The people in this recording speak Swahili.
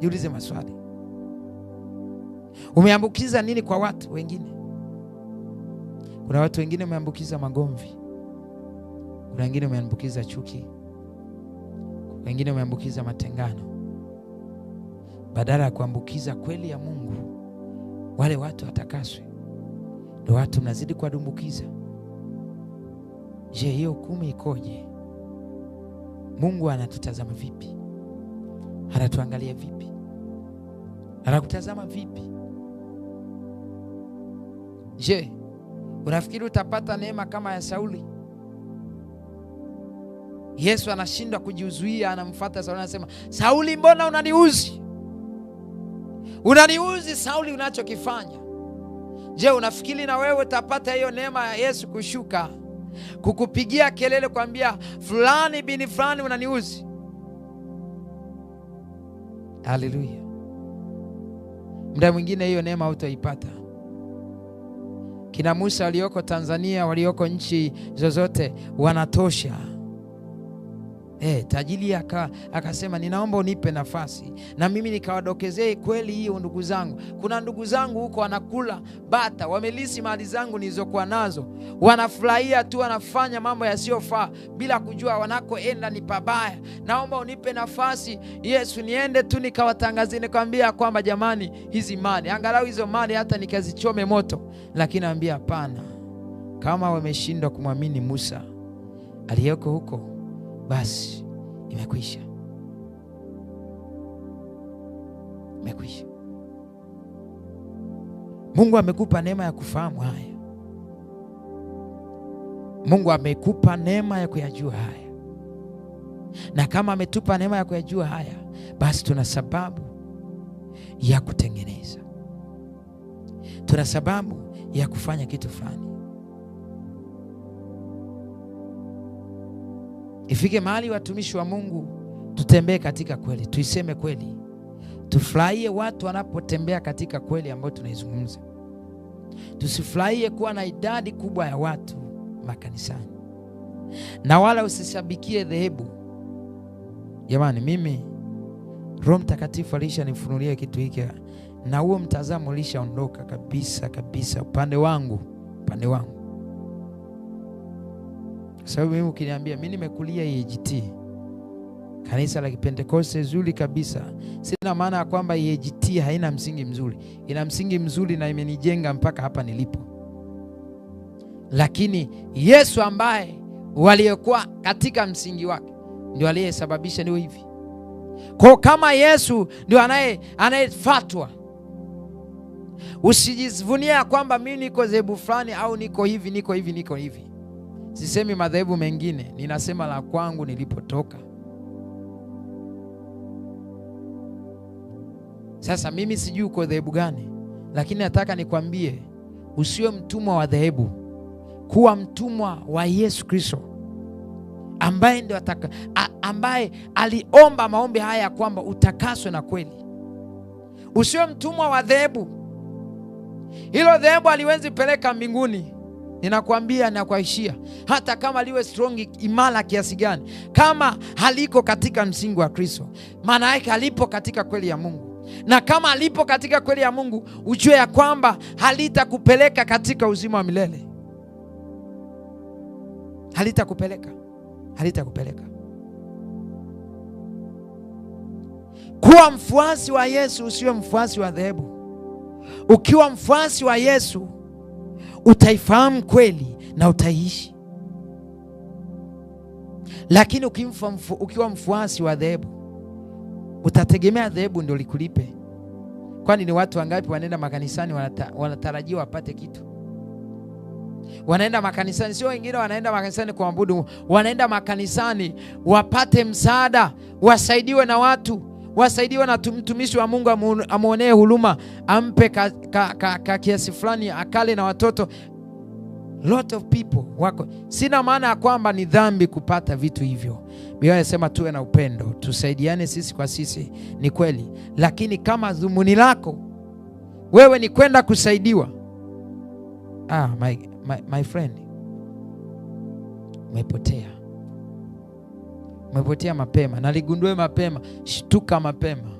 Jiulize maswali. Umeambukiza nini kwa watu wengine? Kuna watu wengine umeambukiza magomvi, kuna wengine umeambukiza chuki, wengine umeambukiza matengano, badala ya kuambukiza kweli ya Mungu. Wale watu watakaswe, ndio watu mnazidi kuwadumbukiza. Je, hiyo kumi ikoje? Mungu anatutazama vipi? anatuangalia vipi? Anakutazama vipi? Je, unafikiri utapata neema kama ya Sauli? Yesu anashindwa kujiuzuia, anamfuata Sauli, anasema Sauli, mbona unaniuzi? Unaniuzi Sauli, unachokifanya. Je, unafikiri na wewe utapata hiyo neema ya Yesu kushuka kukupigia kelele, kuambia fulani bini fulani unaniuzi? Haleluya. Muda mwingine hiyo neema hutaipata. Kina Musa walioko Tanzania, walioko nchi zozote wanatosha. E, tajiri akasema ninaomba unipe nafasi na mimi nikawadokezee eh, kweli hiyo. Ndugu zangu, kuna ndugu zangu huko wanakula bata, wamelisi mali zangu nilizokuwa nazo, wanafurahia tu, wanafanya mambo yasiyofaa bila kujua wanakoenda ni pabaya. Naomba unipe nafasi Yesu, niende tu nikawatangazie, nikawambia kwamba jamani, hizi mali angalau hizo mali hata nikazichome moto, lakini naambia hapana, kama wameshindwa kumwamini Musa aliyeko huko basi imekwisha, imekwisha. Mungu amekupa neema ya kufahamu haya. Mungu amekupa neema ya kuyajua haya, na kama ametupa neema ya kuyajua haya, basi tuna sababu ya kutengeneza, tuna sababu ya kufanya kitu fulani. Ifike mahali watumishi wa Mungu tutembee katika kweli, tuiseme kweli, tufurahie watu wanapotembea katika kweli ambayo tunaizungumza. Tusifurahie kuwa na idadi kubwa ya watu makanisani, na wala usishabikie dhehebu. Jamani, mimi Roho Mtakatifu alishanifunulia kitu hiki, na huo mtazamo ulishaondoka kabisa kabisa upande wangu, upande wangu kwa sababu mimi ukiniambia mimi nimekulia EAGT kanisa la Kipentekoste zuri kabisa, sina maana ya kwamba EAGT haina msingi mzuri. Ina msingi mzuri na imenijenga mpaka hapa nilipo, lakini Yesu ambaye waliokuwa katika msingi wake ndio aliyesababisha ndio hivi. Kwa kama Yesu ndio anaye anayefatwa, usijivunia kwamba mimi niko zebu fulani au niko hivi niko hivi niko hivi Sisemi madhehebu mengine, ninasema la kwangu nilipotoka. Sasa mimi sijui uko dhehebu gani, lakini nataka nikwambie usiwe mtumwa wa dhehebu, kuwa mtumwa wa Yesu Kristo ambaye ndio ataka, a, ambaye aliomba maombi haya ya kwamba utakaswe na kweli. Usiwe mtumwa wa dhehebu, hilo dhehebu aliwezi peleka mbinguni. Ninakwambia, ninakuaishia, hata kama liwe strong imara kiasi gani, kama haliko katika msingi wa Kristo, maana yake halipo katika kweli ya Mungu na kama alipo katika kweli ya Mungu ujue ya kwamba halitakupeleka katika uzima wa milele, halitakupeleka halitakupeleka. Kuwa mfuasi wa Yesu, usiwe mfuasi wa dhehebu. Ukiwa mfuasi wa Yesu utaifahamu kweli na utaiishi. Lakini ukimfa mfu, ukiwa mfuasi wa dhehebu utategemea dhehebu ndio likulipe. Kwani ni watu wangapi wanaenda makanisani wanata, wanatarajia wapate kitu? Wanaenda makanisani, sio wengine wanaenda makanisani kuabudu, wanaenda makanisani wapate msaada, wasaidiwe na watu wasaidiwe na mtumishi wa Mungu amwonee huruma, ampe ka, ka, ka, ka kiasi fulani akale na watoto. Lot of people wako. Sina maana ya kwamba ni dhambi kupata vitu hivyo. Biblia inasema tuwe na upendo, tusaidiane sisi kwa sisi, ni kweli, lakini kama dhumuni lako wewe ni kwenda kusaidiwa, ah, my, my, my friend, umepotea umepotea mapema, naligundue mapema, shtuka mapema.